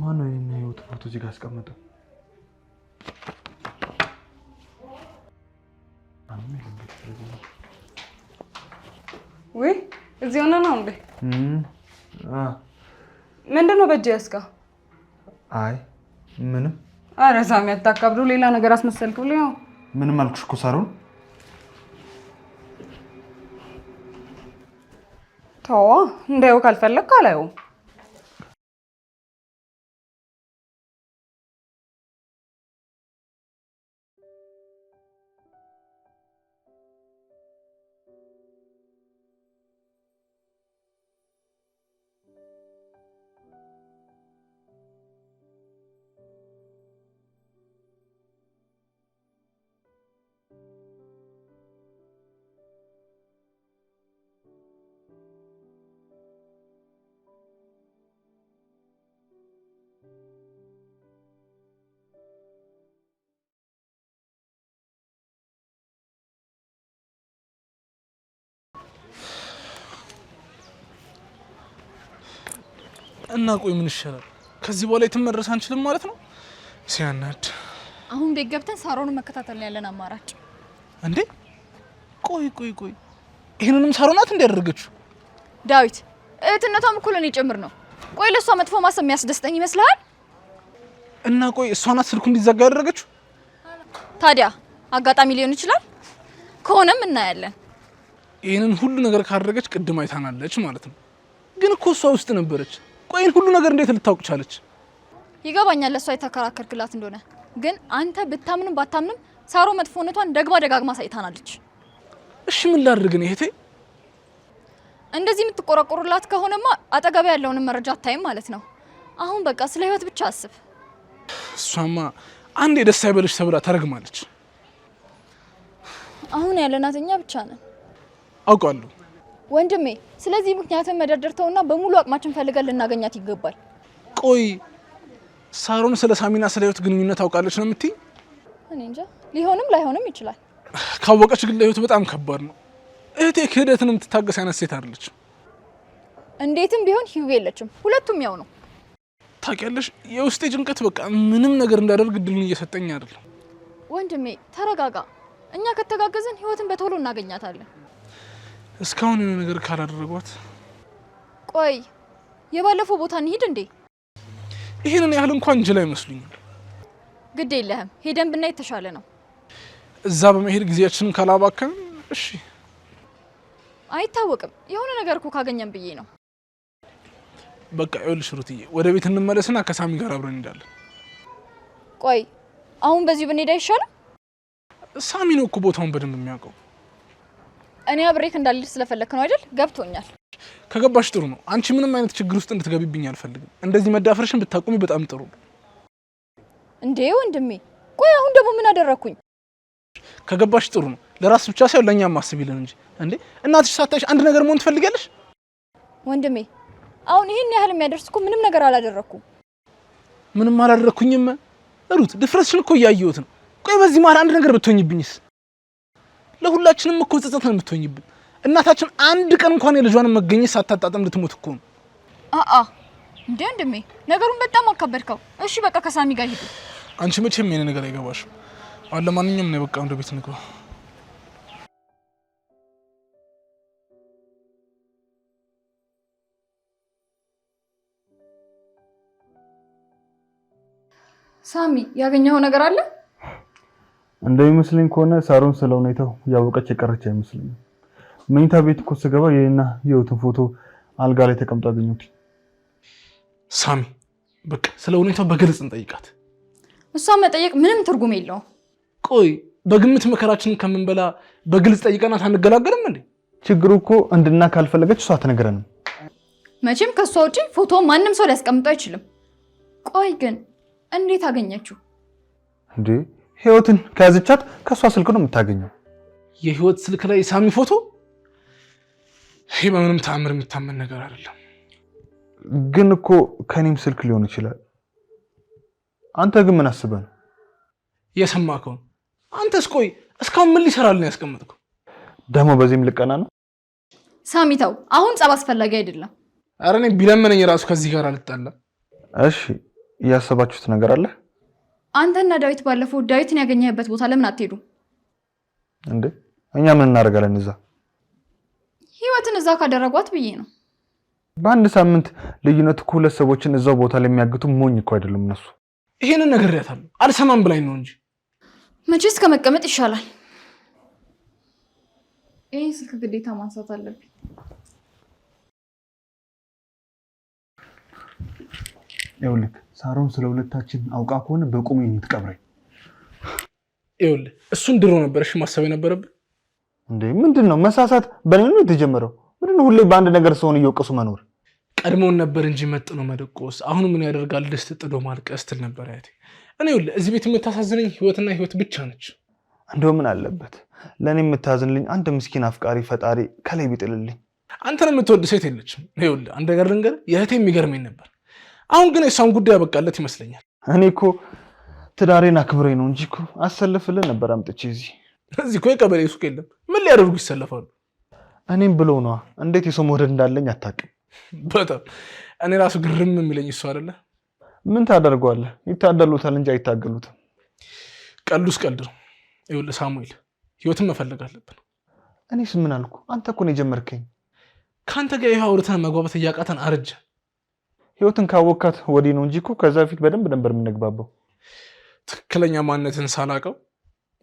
ማን ነው የኔና ህይወት ፎቶ እዚህ ጋር አስቀምጠው? ወይ እዚህ ሆነ ነው እንዴ? ምንድን ነው በእጅ ያስካ? አይ ምንም። አረ ሳሚ አታካብዶ፣ ሌላ ነገር አስመሰልክ ብሎ ምንም አልኩሽ እኮ ሳሮን። ተዋ እንዳየው ካልፈለግ አላየውም እና ቆይ ምን ይሻላል? ከዚህ በኋላ የትም መድረስ አንችልም ማለት ነው። ሲያናድ አሁን ቤት ገብተን ሳሮን መከታተል ያለን አማራጭ እንዴ? ቆይ ቆይ ቆይ ይህንንም ሳሮናት እንዲያደርገችው ዳዊት እህትነቷም እኮ ለእኔ ጭምር ነው። ቆይ ለእሷ መጥፎ ማሰብ የሚያስደስተኝ ይመስልሃል? እና ቆይ እሷናት ስልኩ እንዲዘጋ ያደረገችው። ታዲያ አጋጣሚ ሊሆን ይችላል። ከሆነም እናያለን። ይህንን ሁሉ ነገር ካደረገች ቅድም አይታናለች ማለት ነው። ግን እኮ እሷ ውስጥ ነበረች። ቆይን ሁሉ ነገር እንዴት ልታውቅ ቻለች? ይገባኛል ለእሷ የተከራከርክላት እንደሆነ ግን አንተ ብታምንም ባታምንም ሳሮ መጥፎነቷን ደግማ ደጋግማ ሳይታናለች። እሺ ምን ላድርግ ነው እህቴ? እንደዚህ የምትቆረቆሩላት ከሆነማ አጠገብ ያለውን መረጃ አታይም ማለት ነው። አሁን በቃ ስለ ህይወት ብቻ አስብ። እሷማ አንድ የደስ አይበልሽ ተብላ ተረግማለች። አሁን ያለናት እኛ ብቻ ነን። አውቃለሁ ወንድሜ። ስለዚህ ምክንያትን መደርደር ተውና በሙሉ አቅማችን ፈልገን ልናገኛት ይገባል። ቆይ ሳሮን ስለ ሳሚና ስለ ህይወት ግንኙነት ታውቃለች ነው የምትይኝ? እኔ እንጃ፣ ሊሆንም ላይሆንም ይችላል። ካወቀች ግን ለህይወት በጣም ከባድ ነው። እህቴ ክህደትን የምትታገስ አይነት ሴት አለች። እንዴትም ቢሆን ህዩ የለችም። ሁለቱም ያው ነው። ታውቂያለሽ፣ የውስጤ ጭንቀት በቃ ምንም ነገር እንዳደርግ እድሉን እየሰጠኝ አይደለም። ወንድሜ ተረጋጋ። እኛ ከተጋገዘን ህይወትን በቶሎ እናገኛታለን። እስካሁን የሆነ ነገር ካላደረጓት። ቆይ የባለፈው ቦታ እንሂድ እንዴ? ይህንን ያህል እንኳን እንችል አይመስሉኝም። ግድ የለህም ሄደን ብና የተሻለ ነው። እዛ በመሄድ ጊዜያችንን ካላባከን እሺ። አይታወቅም የሆነ ነገር እኮ ካገኘን ብዬ ነው። በቃ ይኸውልሽ ሩትዬ፣ ወደ ቤት እንመለስና ከሳሚ ጋር አብረን እንሄዳለን። ቆይ አሁን በዚሁ ብንሄድ አይሻልም? ሳሚ ነው እኮ ቦታውን በደንብ የሚያውቀው። እኔ አብሬክ እንዳልሄድ ስለፈለክ ነው አይደል? ገብቶኛል። ከገባሽ ጥሩ ነው። አንቺ ምንም አይነት ችግር ውስጥ እንድትገቢብኝ አልፈልግም። እንደዚህ መዳፈርሽን ብታቆሚ በጣም ጥሩ ነው። እንዴ ወንድሜ፣ ቆይ አሁን ደግሞ ምን አደረግኩኝ? ከገባሽ ጥሩ ነው። ለራስ ብቻ ሳይሆን ለእኛም ማስቢልን እንጂ። እንዴ እናትሽ ሳታይሽ አንድ ነገር መሆን ትፈልጋለሽ? ወንድሜ፣ አሁን ይህን ያህል የሚያደርስ እኮ ምንም ነገር አላደረግኩም። ምንም አላደረግኩኝም ሩት፣ ድፍረትሽን እኮ እያየሁት ነው። ቆይ በዚህ መሀል አንድ ነገር ብትሆኝብኝስ? ለሁላችንም እኮ ጸጸት ነው የምትሆኝብን። እናታችን አንድ ቀን እንኳን የልጇን መገኘት ሳታጣጥም ልትሞት እኮ ነው። እንዴ ወንድሜ፣ ነገሩን በጣም አካበድከው። እሺ በቃ ከሳሚ ጋር ሂዱ። አንቺ መቼም የኔ ነገር አይገባሽም። አሁን ለማንኛውም ነው በቃ ወደ ቤት እንግባ። ሳሚ ያገኘኸው ነገር አለ? እንደሚመስለኝ ከሆነ ሳሮን ስለ ሁኔታው ያወቀች የቀረች አይመስለኝም። መኝታ ቤት እኮ ስገባ የኔና የህይወትን ፎቶ አልጋ ላይ ተቀምጦ አገኘሁት። ሳሚ፣ በቃ ስለ ሁኔታው በግልጽ እንጠይቃት። እሷ መጠየቅ ምንም ትርጉም የለው? ቆይ በግምት መከራችንን ከምንበላ በግልጽ ጠይቀናት አንገላገልም እንዴ? ችግሩ እኮ እንድና ካልፈለገች እሷ አትነግረንም። መቼም ከእሷ ውጭ ፎቶ ማንም ሰው ሊያስቀምጠው አይችልም። ቆይ ግን እንዴት አገኘችው እንዴ? ህይወትን ከያዘቻት ከእሷ ስልክ ነው የምታገኘው። የህይወት ስልክ ላይ የሳሚ ፎቶ? ይህ በምንም ተአምር የሚታመን ነገር አይደለም። ግን እኮ ከኔም ስልክ ሊሆን ይችላል። አንተ ግን ምን አስበህ ነው የሰማከውን? አንተስ ቆይ እስካሁን ምን ሊሰራል ነው ያስቀመጥከው? ደግሞ በዚህም ልቀና ነው ሳሚ። ተው አሁን ጸብ አስፈላጊ አይደለም። አረ እኔ ቢለመነኝ ራሱ ከዚህ ጋር አልጣላ። እሺ እያሰባችሁት ነገር አለ አንተና ዳዊት ባለፈው ዳዊትን ያገኘህበት ቦታ ለምን አትሄዱ እንዴ? እኛ ምን እናደርጋለን? እዛ ህይወትን እዛ ካደረጓት ብዬ ነው። በአንድ ሳምንት ልዩነት እኮ ሁለት ሰዎችን እዛው ቦታ ላይ የሚያግቱ ሞኝ እኮ አይደሉም እነሱ። ይሄንን ነገር ያታለሁ አልሰማም ብላኝ ነው እንጂ መቼስ ከመቀመጥ ይሻላል። ይህ ስልክ ግዴታ ማንሳት አለብኝ። ይኸውልህ ሳሮን ስለ ሁለታችን አውቃ ከሆነ በቁም የምትቀብረኝ። ይኸውልህ እሱን ድሮ ነበረሽ እሺ ማሰብ የነበረብን። እንዴ ምንድን ነው መሳሳት በኔ ነው የተጀመረው? ምንድን ነው ሁሌ በአንድ ነገር ሰውን እየወቀሱ መኖር? ቀድሞውን ነበር እንጂ መጥ ነው መደቆስ። አሁን ምን ያደርጋል ደስት ጥዶ ማልቀስ ስትል ነበር አያቴ። እኔ ይኸውልህ እዚህ ቤት የምታሳዝነኝ ህይወትና ህይወት ብቻ ነች። እንደው ምን አለበት ለእኔ የምታዝንልኝ አንድ ምስኪን አፍቃሪ ፈጣሪ ከላይ ቢጥልልኝ። አንተን የምትወድ ሴት የለችም። ይኸውልህ አንድ ነገር ልንገርህ፣ የእህቴ የሚገርመኝ ነበር አሁን ግን የእሷን ጉዳይ ያበቃለት ይመስለኛል። እኔ እኮ ትዳሬን አክብሬ ነው እንጂ አሰልፍልን ነበር አምጥቼ እዚህ እዚህ እኮ የቀበሌ ሱቅ የለም። ምን ሊያደርጉ ይሰለፋሉ? እኔም ብሎ ነዋ። እንዴት የሰው መውደድ እንዳለኝ አታውቅም። በጣም እኔ ራሱ ግርም የሚለኝ እሱ አይደለ። ምን ታደርገዋለህ? ይታደሉታል እንጂ አይታገሉትም። ቀልዱስ ቀልድ ነው። ይኸውልህ ሳሙኤል፣ ህይወትን መፈለግ አለብን። እኔስ ምን አልኩ? አንተ እኮ ነው የጀመርከኝ። ከአንተ ጋር ይህ አውርተን መግባባት እያቃተን አረጀን። ህይወትን ካወካት ወዲህ ነው እንጂ እኮ ከዛ በፊት በደንብ ነበር የምንግባባው። ትክክለኛ ማንነትን ሳላውቀው።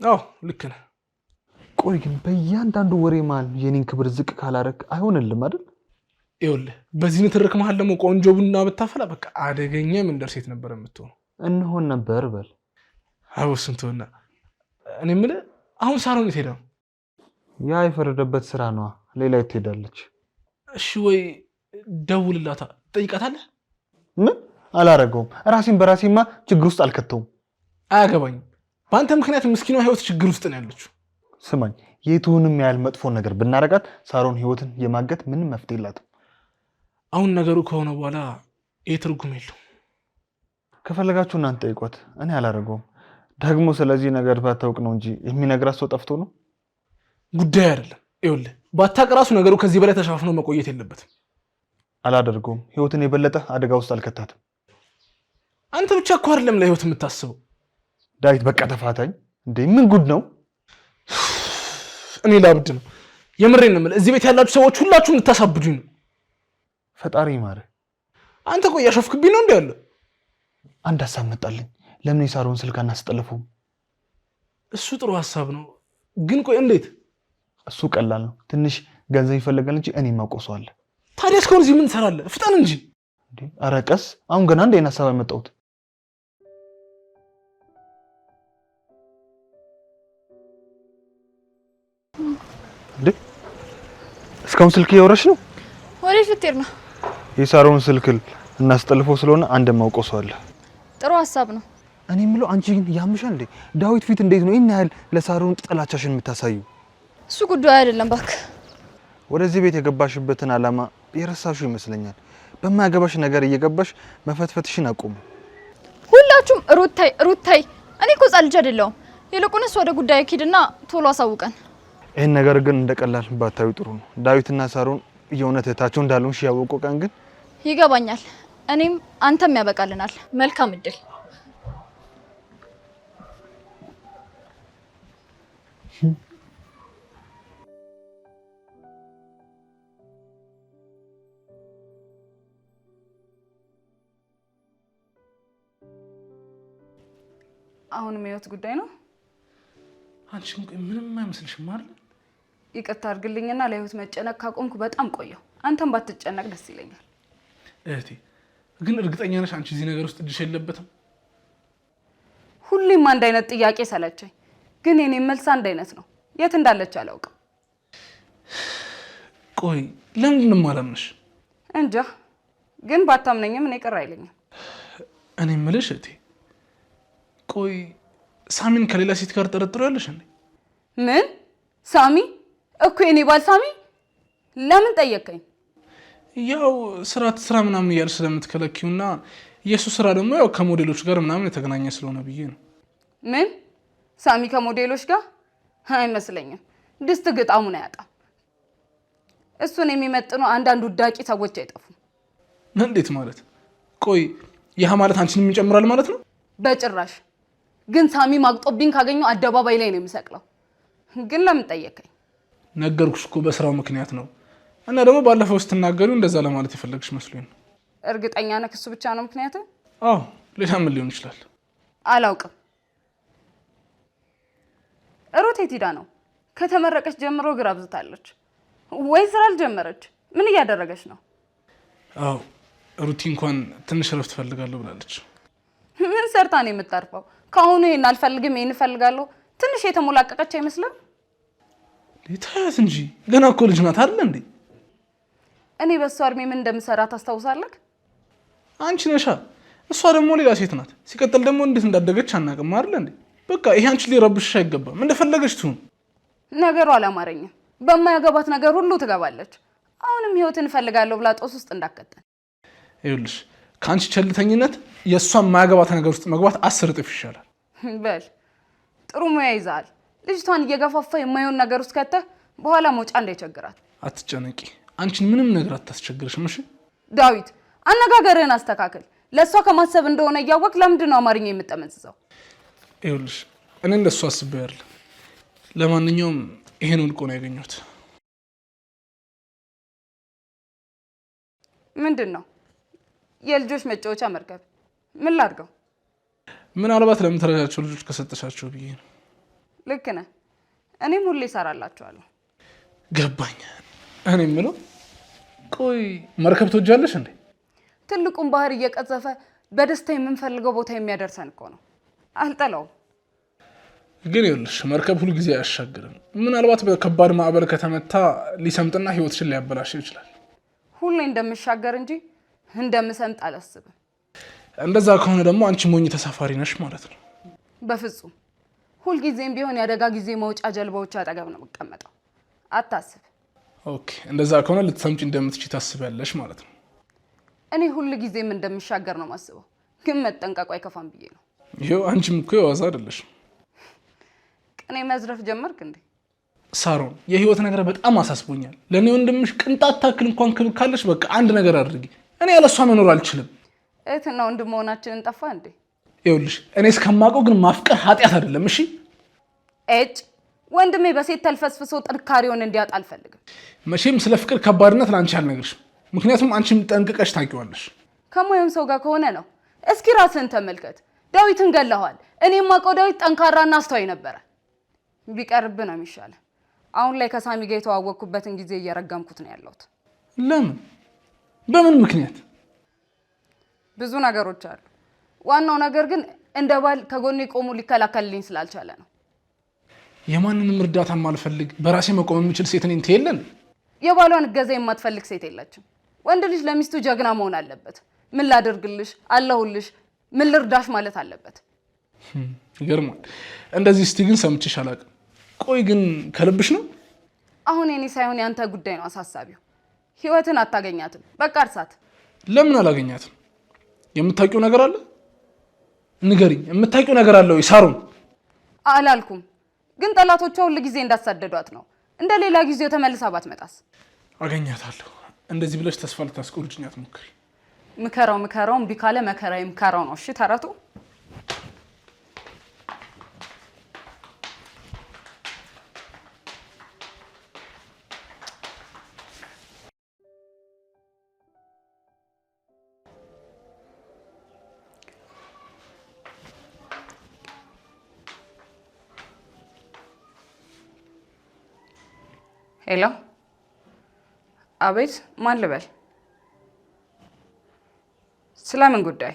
አዎ ልክ ነህ። ቆይ ግን በእያንዳንዱ ወሬ መሀል የኔን ክብር ዝቅ ካላረክ አይሆንልም አይደል? ይኸውልህ በዚህ ንትርክ መሀል ደግሞ ቆንጆ ቡና ብታፈላ በቃ አደገኛ የመንደር ሴት ነበር የምትሆነው። እንሆን ነበር በል። አቦስም ትሆና። እኔ የምልህ አሁን ሳሮን የት ሄዳ ነው? ያ የፈረደበት ስራ ነዋ። ሌላ የት ሄዳለች? እሺ ወይ ደውልላታ፣ ጠይቃታለህ ምን አላረገውም። ራሴን በራሴማ ችግር ውስጥ አልከተውም። አያገባኝም። በአንተ ምክንያት ምስኪኗ ህይወት ችግር ውስጥ ነው ያለችው። ስማኝ፣ የቱንም ያህል መጥፎ ነገር ብናረጋት ሳሮን ህይወትን የማገት ምንም መፍትሄ የላትም። አሁን ነገሩ ከሆነ በኋላ ይህ ትርጉም የለውም። ከፈለጋችሁ እናንተ ጠይቋት፣ እኔ አላረገውም። ደግሞ ስለዚህ ነገር ባታውቅ ነው እንጂ የሚነግራት ሰው ጠፍቶ ነው ጉዳይ አይደለም። ይኸውልህ ባታቅ ራሱ ነገሩ ከዚህ በላይ ተሸፋፍኖ መቆየት የለበትም። አላደርገውም። ህይወትን የበለጠ አደጋ ውስጥ አልከታትም። አንተ ብቻ እኮ አይደለም ለህይወት የምታስበው ዳዊት። በቃ ተፋታኝ እንዴ! ምን ጉድ ነው? እኔ ላብድ ነው የምሬን የምልህ። እዚህ ቤት ያላችሁ ሰዎች ሁላችሁም ልታሳብዱኝ ነው። ፈጣሪ ማረ። አንተ ቆይ ያሾፍክብኝ ነው እንዲ ያለ አንድ ሀሳብ መጣልኝ። ለምን የሳሮን ስልክ አናስጠልፈውም? እሱ ጥሩ ሀሳብ ነው፣ ግን ቆይ እንዴት? እሱ ቀላል ነው። ትንሽ ገንዘብ ይፈልጋል እንጂ እኔ ማቆሰዋለሁ ታዲያ እስካሁን እዚህ ምን ትሰራለህ? ፍጠን እንጂ። ኧረ ቀስ፣ አሁን ገና እንደ ሀሳብ ያመጣሁት እስካሁን ስልክ እያወራች ነው። ወዴት ልትሄድ ነው? የሳሮን ስልክ እናስጠልፈው ስለሆነ አንድ የማውቀው ሰው አለ። ጥሩ ሀሳብ ነው። እኔ የምለው አንቺ ግን ያምሻል እንዴ? ዳዊት ፊት እንዴት ነው ይህን ያህል ለሳሮን ጥላቻሽን የምታሳዩ? እሱ ጉዳዩ አይደለም ባክ ወደዚህ ቤት የገባሽበትን አላማ። የረሳሹ ይመስለኛል። በማያገባሽ ነገር እየገባሽ መፈትፈትሽን አቁም። ሁላችሁም ሩታይ ሩታይ። እኔ እኮ ህጻን ልጅ አይደለሁም። ይልቁንስ ወደ ጉዳዩ ኪድና ቶሎ አሳውቀን። ይህን ነገር ግን እንደቀላል ባታዩ ጥሩ ነው። ዳዊትና ሳሮን የእውነት እህታቸው እንዳሉን ያወቁ ቀን ግን ይገባኛል። እኔም አንተም ያበቃልናል። መልካም እድል። አሁንም የህይወት ጉዳይ ነው። አንቺ ምንም አይመስልሽም አይደል? ይቅርታ አድርግልኝና ለህይወት መጨነቅ ካቆምኩ በጣም ቆየሁ። አንተም ባትጨነቅ ደስ ይለኛል። እህቴ ግን እርግጠኛ ነሽ አንቺ እዚህ ነገር ውስጥ እጅሽ የለበትም? ሁሌም አንድ አይነት ጥያቄ ሰለቸኝ፣ ግን የኔ መልስ አንድ አይነት ነው። የት እንዳለች አላውቅም። ቆይ ለምንድን ማላምንሽ? እንጃ። ግን ባታምነኝም እኔ ቅር አይለኝም። እኔ እምልሽ እህቴ ቆይ ሳሚን ከሌላ ሴት ጋር ጠረጥሮ ያለሽ እንዴ? ምን ሳሚ እኮ የኔ ባል ሳሚ። ለምን ጠየቀኝ? ያው ስራ ስራ ምናምን እያልሽ ስለምትከለኪውና የእሱ ስራ ደግሞ ያው ከሞዴሎች ጋር ምናምን የተገናኘ ስለሆነ ብዬ ነው። ምን ሳሚ ከሞዴሎች ጋር አይመስለኝም። ድስት ግጣሙን አያጣም። እሱን የሚመጥኑ አንዳንድ ውዳቂ ሰዎች አይጠፉም። እንዴት ማለት? ቆይ ያህ ማለት አንቺንም ይጨምራል ማለት ነው? በጭራሽ ግን ሳሚ ማግጦብኝ ካገኘው አደባባይ ላይ ነው የሚሰቅለው። ግን ለምን ጠየቀኝ? ነገርኩሽ እኮ በስራው ምክንያት ነው። እና ደግሞ ባለፈው ስትናገሩ እንደዛ ለማለት የፈለግሽ መስሎኝ ነው። እርግጠኛ ነህ ክሱ ብቻ ነው ምክንያት? አዎ፣ ሌላ ምን ሊሆን ይችላል? አላውቅም። ሩት የት ሄዳ ነው? ከተመረቀች ጀምሮ ግራ ብዝታለች። ወይ ስራ አልጀመረች? ምን እያደረገች ነው? አዎ ሩቲ እንኳን ትንሽ እረፍት ትፈልጋለሁ ብላለች። ምን ሰርታ ነው የምታርፈው? ከአሁኑ ይሄን አልፈልግም ይሄን እፈልጋለሁ ትንሽ የተሞላቀቀች አይመስልም? ታያት እንጂ ገና እኮ ልጅ ናት አይደል እንዴ? እኔ በእሷ እድሜ ምን እንደምሰራ ታስታውሳለህ? አንቺ ነሻ። እሷ ደግሞ ሌላ ሴት ናት። ሲቀጥል ደግሞ እንዴት እንዳደገች አናውቅም አይደል እንዴ? በቃ ይሄ አንቺ ሊረብሽሽ አይገባም። እንደፈለገች ትሁን። ነገሩ አላማረኝም። በማያገባት ነገር ሁሉ ትገባለች። አሁንም ህይወትን እፈልጋለሁ ብላ ጦስ ውስጥ እንዳከተን ይኸውልሽ ከአንቺ ቸልተኝነት የእሷን ማያገባት ነገር ውስጥ መግባት አስር እጥፍ ይሻላል። በል ጥሩ ሙያ ይዛል። ልጅቷን እየገፋፋ የማይሆን ነገር ውስጥ ከተ በኋላ መውጫ እንዳይቸግራት። አትጨነቂ፣ አንቺን ምንም ነገር አታስቸግርሽም። እሺ ዳዊት፣ አነጋገርህን አስተካከል ለእሷ ከማሰብ እንደሆነ እያወቅ ለምንድን ነው አማርኛ የምጠመዝዘው? ይኸውልሽ እኔ እንደሱ አስቤ ያለ። ለማንኛውም ይሄን ውልቆ ነው ያገኘሁት። ምንድን ነው የልጆች መጫወቻ መርከብ ምን ላድርገው? ምናልባት ለምትረዳቸው ልጆች ከሰጠሻቸው ብዬ ነው። ልክ ነህ። እኔም ሁሌ እሰራላችኋለሁ። ገባኝ። እኔ የምለው ቆይ መርከብ ትወጃለሽ እንዴ? ትልቁን ባህር እየቀዘፈ በደስታ የምንፈልገው ቦታ የሚያደርሰን እኮ ነው። አልጠላውም። ግን ይኸውልሽ መርከብ ሁልጊዜ አያሻግርም። ምናልባት በከባድ ማዕበል ከተመታ ሊሰምጥና ህይወትሽን ሊያበላሽ ይችላል። ሁሌ እንደምሻገር እንጂ እንደምሰምጥ አላስብም። እንደዛ ከሆነ ደግሞ አንቺ ሞኝ ተሳፋሪ ነሽ ማለት ነው። በፍጹም ሁልጊዜም ቢሆን የአደጋ ጊዜ መውጫ ጀልባዎች አጠገብ ነው የምቀመጠው። አታስብ። ኦኬ፣ እንደዛ ከሆነ ልትሰምጭ እንደምትች ታስቢያለሽ ማለት ነው። እኔ ጊዜም እንደምሻገር ነው ማስበው ግን መጠንቀቁ አይከፋም ብዬ ነው። ይኸው አንቺም እኮ የዋዛ አይደለሽ። ቅኔ መዝረፍ ጀመርክ እንዴ? ሳሮን፣ የህይወት ነገር በጣም አሳስቦኛል። ለእኔ ወንድምሽ ቅንጣት ታክል እንኳን ክብር ካለሽ በቃ አንድ ነገር አድርጌ እኔ ያለሷ መኖር አልችልም። እህትና ወንድም መሆናችንን ጠፋ እንዴ? ይኸውልሽ እኔ እስከማውቀው ግን ማፍቀር ኃጢአት አይደለም። እሺ እጭ ወንድሜ በሴት ተልፈስፍሶ ጥንካሬውን እንዲያጣ አልፈልግም። መቼም ስለ ፍቅር ከባድነት ለአንቺ አልነግርሽም፣ ምክንያቱም አንቺም ጠንቅቀሽ ታውቂዋለሽ። ከሞየም ሰው ጋር ከሆነ ነው። እስኪ ራስህን ተመልከት። ዳዊትን ገለኋል። እኔም አውቀው ዳዊት ጠንካራና አስተዋይ ነበረ። ቢቀርብ ነው የሚሻለ። አሁን ላይ ከሳሚ ጋር የተዋወቅኩበትን ጊዜ እየረገምኩት ነው ያለሁት። ለምን በምን ምክንያት? ብዙ ነገሮች አሉ። ዋናው ነገር ግን እንደ ባል ከጎኔ ቆሙ ሊከላከልልኝ ስላልቻለ ነው። የማንንም እርዳታ ማልፈልግ በራሴ መቆም የምችል ሴት ነኝ ትየለን። የባሏን እገዛ የማትፈልግ ሴት የለችም። ወንድ ልጅ ለሚስቱ ጀግና መሆን አለበት። ምን ላደርግልሽ፣ አለሁልሽ፣ ምን ልርዳሽ ማለት አለበት። ይገርማል። እንደዚህ እስቲ ግን ሰምችሽ አላቅም ቆይ ግን ከልብሽ ነው? አሁን የኔ ሳይሆን የአንተ ጉዳይ ነው አሳሳቢው። ህይወትን አታገኛትም። በቃ እርሳት። ለምን አላገኛትም? የምታውቂው ነገር አለ? ንገሪኝ። የምታውቂው ነገር አለ ወይ? ሳሩን አላልኩም፣ ግን ጠላቶቿ ሁል ጊዜ እንዳሳደዷት ነው። እንደ ሌላ ጊዜው ተመልሳ ባትመጣስ? አገኛታለሁ። እንደዚህ ብለሽ ተስፋ ልታስቆርጭኝ አትሞክሪ። ምከራው ምከራው፣ እምቢ ካለ መከራ ነው። እሺ ተረቱ ሄሎ፣ አቤት። ማን ልበል? ስለምን ጉዳይ?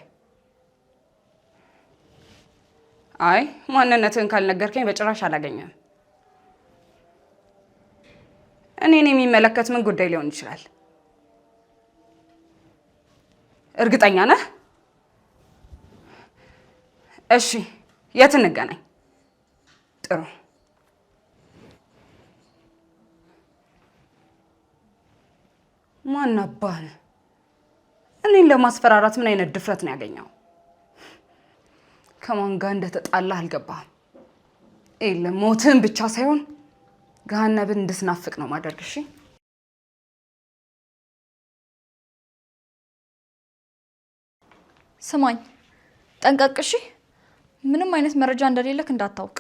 አይ ማንነትህን ካልነገርከኝ በጭራሽ አላገኘም። እኔን የሚመለከት ምን ጉዳይ ሊሆን ይችላል? እርግጠኛ ነህ? እሺ፣ የት እንገናኝ? ጥሩ ማን አባህ እኔን ለማስፈራራት ምን አይነት ድፍረት ነው ያገኘው? ከማን ጋር እንደተጣላህ አልገባህም። የለም ሞትህን ብቻ ሳይሆን ገሀነብን እንድትናፍቅ ነው ማድረግ። እሺ ስማኝ፣ ጠንቀቅ እሺ። ምንም አይነት መረጃ እንደሌለክ እንዳታውቅ።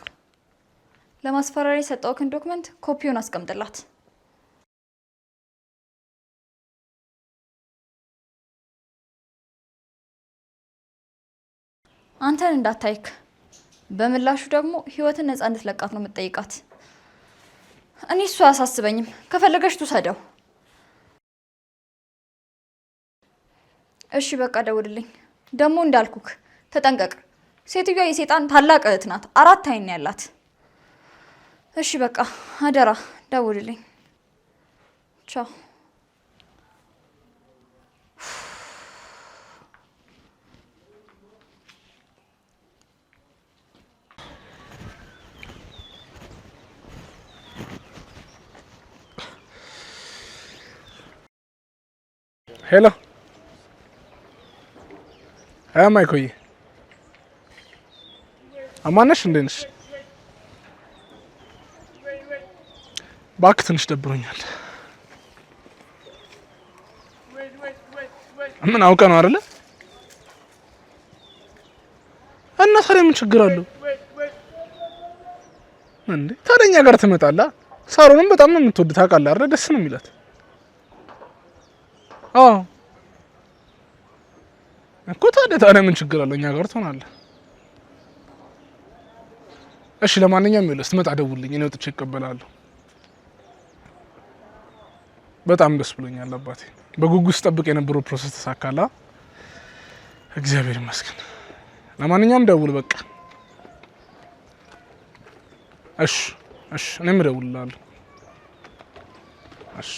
ለማስፈራሪያ የሰጠውክን ዶክመንት ኮፒውን አስቀምጥላት። አንተን እንዳታይክ። በምላሹ ደግሞ ህይወትን ነፃ እንድትለቃት ነው የምጠይቃት። እኔ እሱ አያሳስበኝም። ከፈለገች ትውሰደው። እሺ በቃ ደውልልኝ። ደግሞ እንዳልኩክ ተጠንቀቅ። ሴትዮዋ የሴጣን ታላቅ እህት ናት፣ አራት አይን ያላት። እሺ በቃ አደራ ደውልልኝ። ቻው ሄሎ አማይኮይ አማነሽ እንዴት ነሽ? እባክህ ትንሽ ደብሮኛል። ምን አውቀ ነው አይደለ? እና ታዲያ ምን ችግር አለው እንዴ? ታዲያ እኛ ጋር ትመጣላ። ሳሮንም በጣም ነው የምትወድ ታውቃለህ አይደለ? ደስ ነው የሚላት አዎ እኮ ታዲያ ታዲያ ምን ችግር አለው? እኛ ጋር ትሆናለህ። እሺ ለማንኛውም ይኸውልህ ስትመጣ ደውልኝ፣ እኔ ወጥቼ እቀበላለሁ። በጣም ደስ ብሎኛል አባቴ። በጉጉት ስጠብቅ የነበረው ፕሮሰስ ተሳካላ፣ እግዚአብሔር ይመስገን። ለማንኛውም ደውል በቃ። እሺ እሺ፣ እኔም እደውልልሃለሁ። እሺ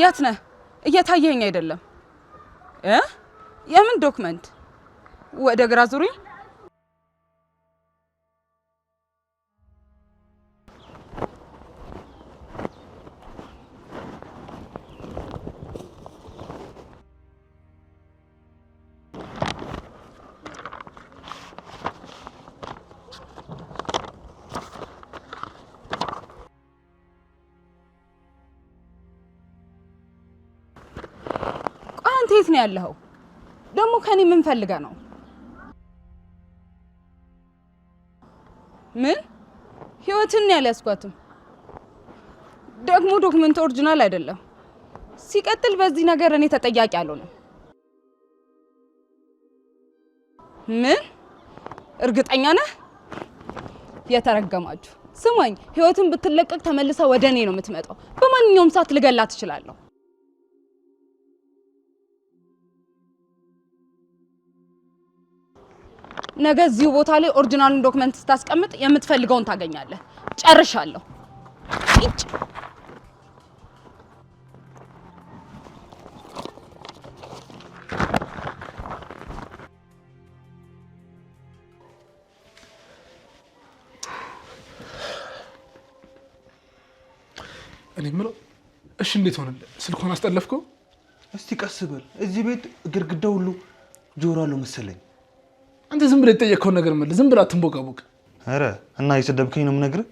የት ነህ? እየታየኝ አይደለም። የምን ዶክመንት? ወደ ግራ ዙሪ ያለኸው? ደግሞ ከኔ ምን ፈልገ ነው? ምን ህይወትን ያልያዝኳትም ደግሞ ዶክመንት ኦሪጂናል አይደለም። ሲቀጥል በዚህ ነገር እኔ ተጠያቂ አልሆንም። ምን እርግጠኛ ነህ? የተረገማችሁ ስማኝ፣ ህይወትን ብትለቀቅ ተመልሳ ወደ እኔ ነው የምትመጣው። በማንኛውም ሰዓት ልገላት እችላለሁ። ነገ እዚሁ ቦታ ላይ ኦሪጂናሉን ዶክመንት ስታስቀምጥ የምትፈልገውን ታገኛለህ። ጨርሻለሁ። እኔ የምለው እሺ፣ እንዴት ሆነ? ስልኮን አስጠለፍከው? እስቲ ቀስ በል። እዚህ ቤት ግድግዳ ሁሉ ጆሮ አለው መሰለኝ። አንተ ዝም ብለህ የጠየቅከውን ነገር መልስ። ዝም ብለህ አትንቦቃቦቅ። ኧረ እና የሰደብከኝ ነው የምነግርህ።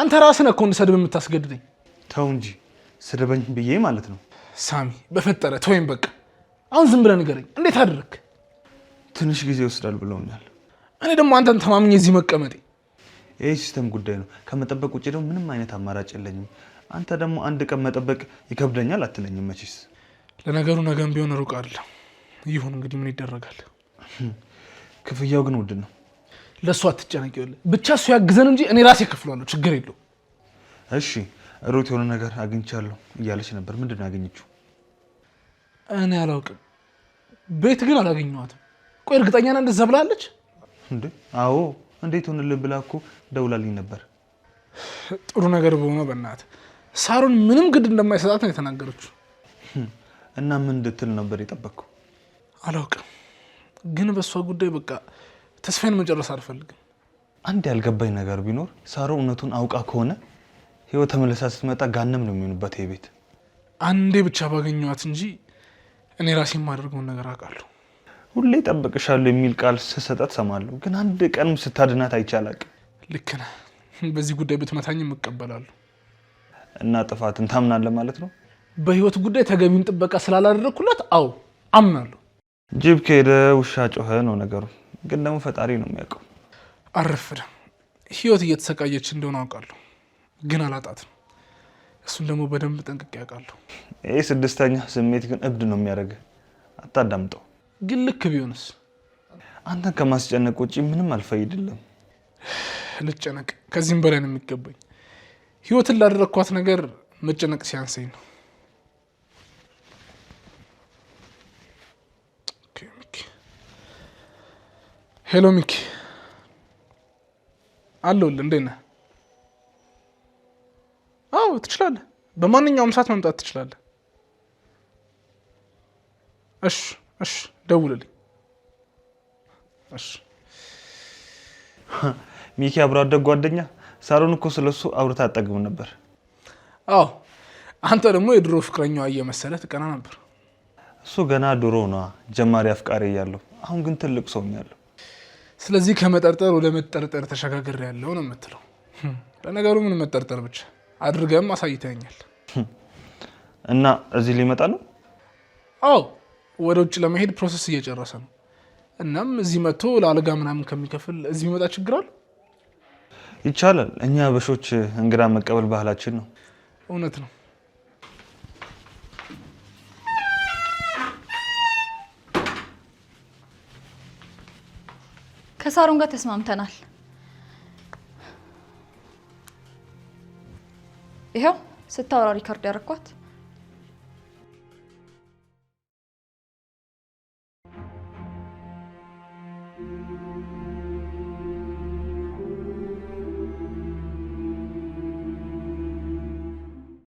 አንተ ራስህ ነህ እኮ እንድሰድብ የምታስገድደኝ። ተው እንጂ ስደበኝ ብዬ ማለት ነው። ሳሚ በፈጠረ ተወይም በቃ አሁን ዝም ብለህ ንገረኝ፣ እንዴት አደረግክ? ትንሽ ጊዜ ይወስዳል ብለውኛል። እኔ ደግሞ አንተን ተማምኜ እዚህ መቀመጤ ይህ ሲስተም ጉዳይ ነው። ከመጠበቅ ውጭ ደግሞ ምንም አይነት አማራጭ የለኝም። አንተ ደግሞ አንድ ቀን መጠበቅ ይከብደኛል አትለኝም መቼስ። ለነገሩ ነገም ቢሆን ሩቅ አለ። ይሁን እንግዲህ ምን ይደረጋል። ክፍያው ግን ውድ ነው። ለእሱ አትጨነቂ፣ ብቻ እሱ ያግዘን እንጂ እኔ ራሴ ከፍሏለሁ፣ ችግር የለው። እሺ ሩት የሆነ ነገር አግኝቻለሁ እያለች ነበር። ምንድን ነው ያገኘችው? እኔ አላውቅም። ቤት ግን አላገኘኋትም። ቆይ እርግጠኛ ነህ እንደዛ ብላለች እንዴ? አዎ። እንዴት ሆንልን ብላ እኮ ደውላልኝ ነበር። ጥሩ ነገር በሆነ በናት ሳሩን ምንም ግድ እንደማይሰጣት ነው የተናገረችው። እና ምን እንድትል ነበር የጠበቅኩ? አላውቅም ግን በእሷ ጉዳይ በቃ ተስፋዬን መጨረስ አልፈልግም። አንድ ያልገባኝ ነገር ቢኖር ሳሮ እውነቱን አውቃ ከሆነ ህይወት ተመለሳ ስትመጣ ጋነም ነው የሚሆኑበት ይህ ቤት። አንዴ ብቻ ባገኘዋት እንጂ እኔ ራሴ የማደርገውን ነገር አውቃለሁ። ሁሌ ጠብቅሻለሁ የሚል ቃል ስሰጠት ሰማለሁ፣ ግን አንድ ቀንም ስታድናት አይቻላቅ። ልክ ነህ። በዚህ ጉዳይ ብትመታኝም እቀበላለሁ። እና ጥፋትን ታምናለህ ማለት ነው? በህይወት ጉዳይ ተገቢውን ጥበቃ ስላላደረግኩላት አዎ አምናለሁ። ጅብ ከሄደ ውሻ ጮኸ ነው ነገሩ። ግን ደግሞ ፈጣሪ ነው የሚያውቀው። አረፍደ ህይወት እየተሰቃየች እንደሆነ አውቃለሁ፣ ግን አላጣትም። እሱን ደግሞ በደንብ ጠንቅቄ አውቃለሁ። ይህ ስድስተኛ ስሜት ግን እብድ ነው የሚያደርግ። አታዳምጠው። ግን ልክ ቢሆንስ? አንተን ከማስጨነቅ ውጪ ምንም አልፈይድልም። ልጨነቅ፣ ከዚህም በላይ ነው የሚገባኝ። ህይወትን ላደረግኳት ነገር መጨነቅ ሲያንሰኝ ነው። ሄሎ ሚኪ፣ አለሁልህ። እንዴት ነህ? አዎ ትችላለህ። በማንኛውም ሰዓት መምጣት ትችላለህ። እሺ፣ እሺ፣ ደውልልኝ። እሺ። ሚኪ አብሮ አደግ ጓደኛ ሳሎን እኮ ስለሱ አብረታ አጠግም ነበር። አዎ፣ አንተ ደግሞ የድሮ ፍቅረኛዋ እየመሰለህ ትቀና ነበር። እሱ ገና ድሮ ነዋ ጀማሪ አፍቃሪ እያለሁ፣ አሁን ግን ትልቅ ሰውኛለሁ። ስለዚህ ከመጠርጠር ወደ መጠርጠር ተሸጋገር ያለው ነው የምትለው። ለነገሩ ምን መጠርጠር ብቻ አድርገም አሳይተኛል። እና እዚህ ሊመጣ ነው? አዎ ወደ ውጭ ለመሄድ ፕሮሰስ እየጨረሰ ነው። እናም እዚህ መጥቶ ለአልጋ ምናምን ከሚከፍል እዚህ ቢመጣ ችግር አለ? ይቻላል። እኛ በሾች እንግዳ መቀበል ባህላችን ነው። እውነት ነው። ከሳሮን ጋር ተስማምተናል። ይኸው ስታወራ ሪከርድ ያረኳት።